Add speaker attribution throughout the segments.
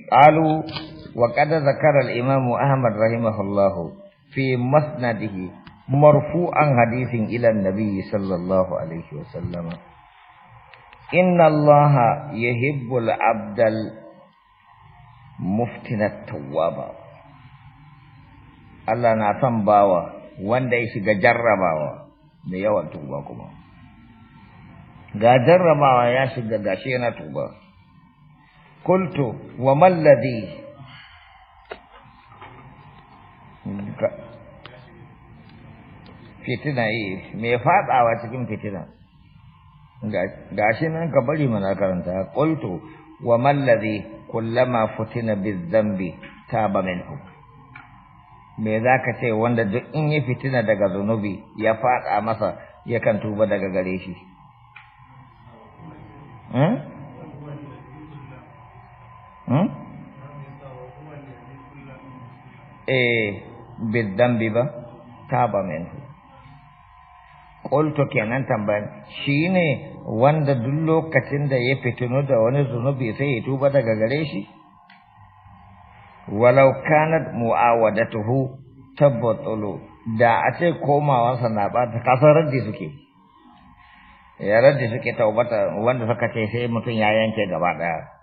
Speaker 1: Lalu waqad zakar al-Imam Ahmad rahimahullahu fi musnadihi marfu'an hadithin ila Nabi sallallahu alaihi wasallam. Inna Allah yuhibbul abdal muftinat Allah na san bawa wanda ya shiga jarrabawa da yawan tuba kuma. Ga jarrabawa ya shiga gashi yana tuba. قلت وما الذي fitina yi eh, me fadawa cikin fitina gashi nan ka bari mana karanta qultu wa man ladhi kullama futina bizambi taba minhu me zaka ce wanda duk in yi fitina daga zunubi ya fada masa kan tuba daga gare shi hmm? Hmm? eh biddambi ba ba minhu qultu kenan tambayan ne wanda duk lokacin da ya fitinu da wani zunubi sai ya tuba daga gare shi walau kanat ta tabbatulu da a ce komawansa na ta kasar raddi suke ya raddi suke taubata wanda suka ce sai mutum ya yanke gaba daya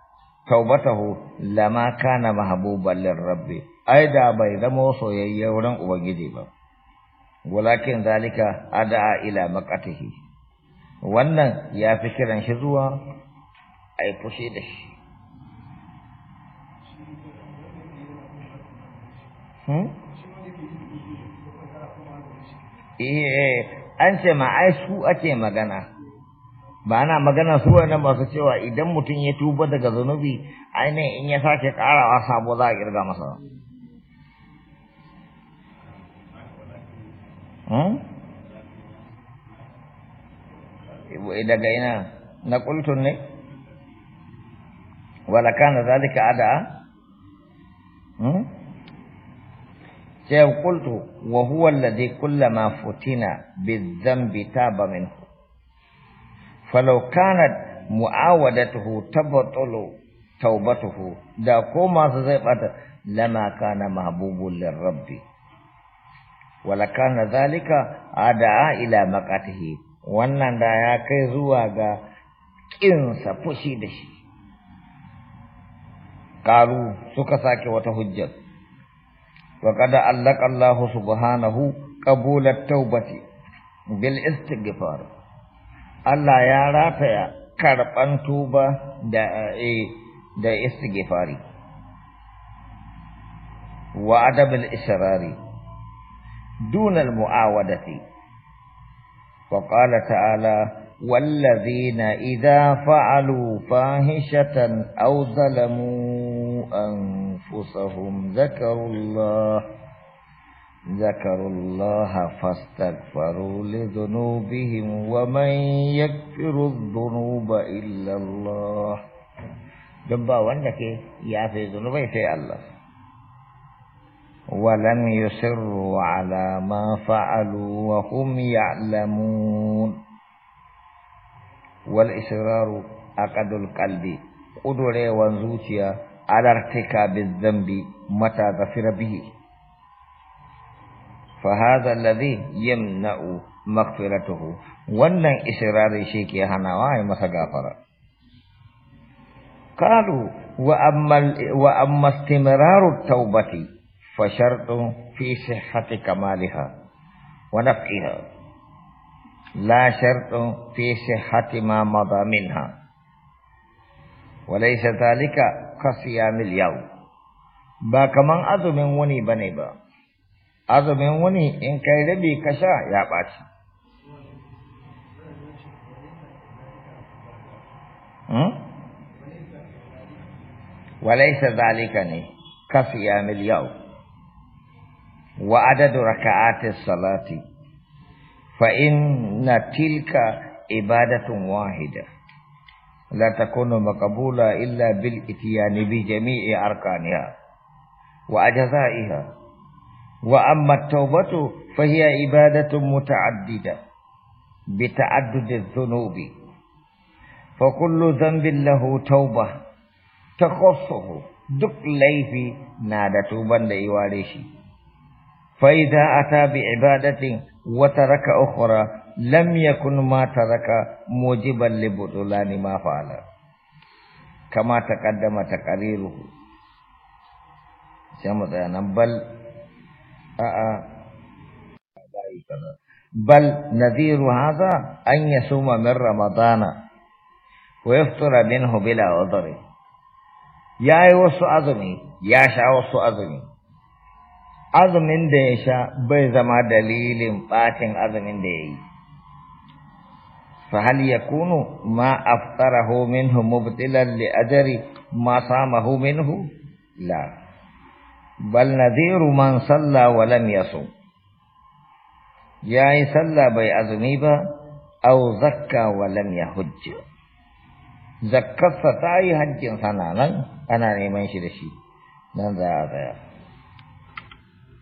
Speaker 1: taubatahu lama kana mahbuban rabbi ai da bai zama soyayya wurin ubangiji ba walakin zalika ada ila maqatihi wannan ya fi kiran shi zuwa ai fushi da shi hmm? Eh, an ce ma ai su ake magana ba ana magana su wa nan masu cewa idan mutum ya tuba daga zunubi ainihin in ya sake karawa sabo za a kirga masa hmm? eh, daga yana na kultun ne wala kana zalika ada hmm? sai kultu wa huwa alladhi kullama futina bi dhanbi taba minhu فلو كانت معاودته تبطل توبته دا كوما زي لما كان محبوب للرب ولكان ذلك أدعى إلى مقاته wannan da ya kai zuwa ga ƙinsa fushi da shi ƙaru suka sake wata hujjar wa kada allaka Allah subhanahu qabulat taubati bil istighfar Allah ya rataya karɓan tuba da eh, da istighfari wa adab al-israri دون المعاودة وقال تعالى والذين إذا فعلوا فاهشة أو ظلموا أنفسهم ذكروا الله ذكروا الله فاستغفروا لذنوبهم ومن يكفر الذنوب إلا الله جبا وانك يا في ذنوب في الله ولم يصروا على ما فعلوا وهم يعلمون والإصرار أقد القلب قدر وانزوتيا على ارتكاب الذنب متى ظفر به فهذا الذي يمنع مغفرته ونن اسرار شيء كي hanawa ya masa قالوا واما واما استمرار التوبه فشرط في صحه كمالها ونفعها لا شرط في صحه ما مضى منها وليس ذلك كصيام اليوم با كمان اظن وني بني azumin wani in kai rabi ka sha ya baci hmm? walaisa zalika ne kafiya miliyau wa adadu raka'atis salati fa inna tilka ibadatun wahida la takunu maqbula illa bil itiyani bi jami'i arkaniha wa ajzaiha وأما التوبة فهي عبادة متعددة بتعدد الذنوب فكل ذنب له توبة تخصه دك ليفي نادى توبا لإيواريشي فإذا أتى بعبادة وترك أخرى لم يكن ما ترك موجبا لبطلان ما فعل كما تقدم تقريره سمعنا بل بل نذير هذا أن يصوم من رمضان ويفطر منه بلا عذر يا يوسو أذني يا شاوسو أذني من ديشا بيزما دليل باتن أذمن دي فهل يكون ما أفطره منه مبتلا لأجر ما صامه منه لا bal man sallah wa lam yasum yayi sallah bai azumi ba aw zakka wa yahujj zakkarsa ta yi hajjin sana nan ana neman shi da shi nan za a tsaya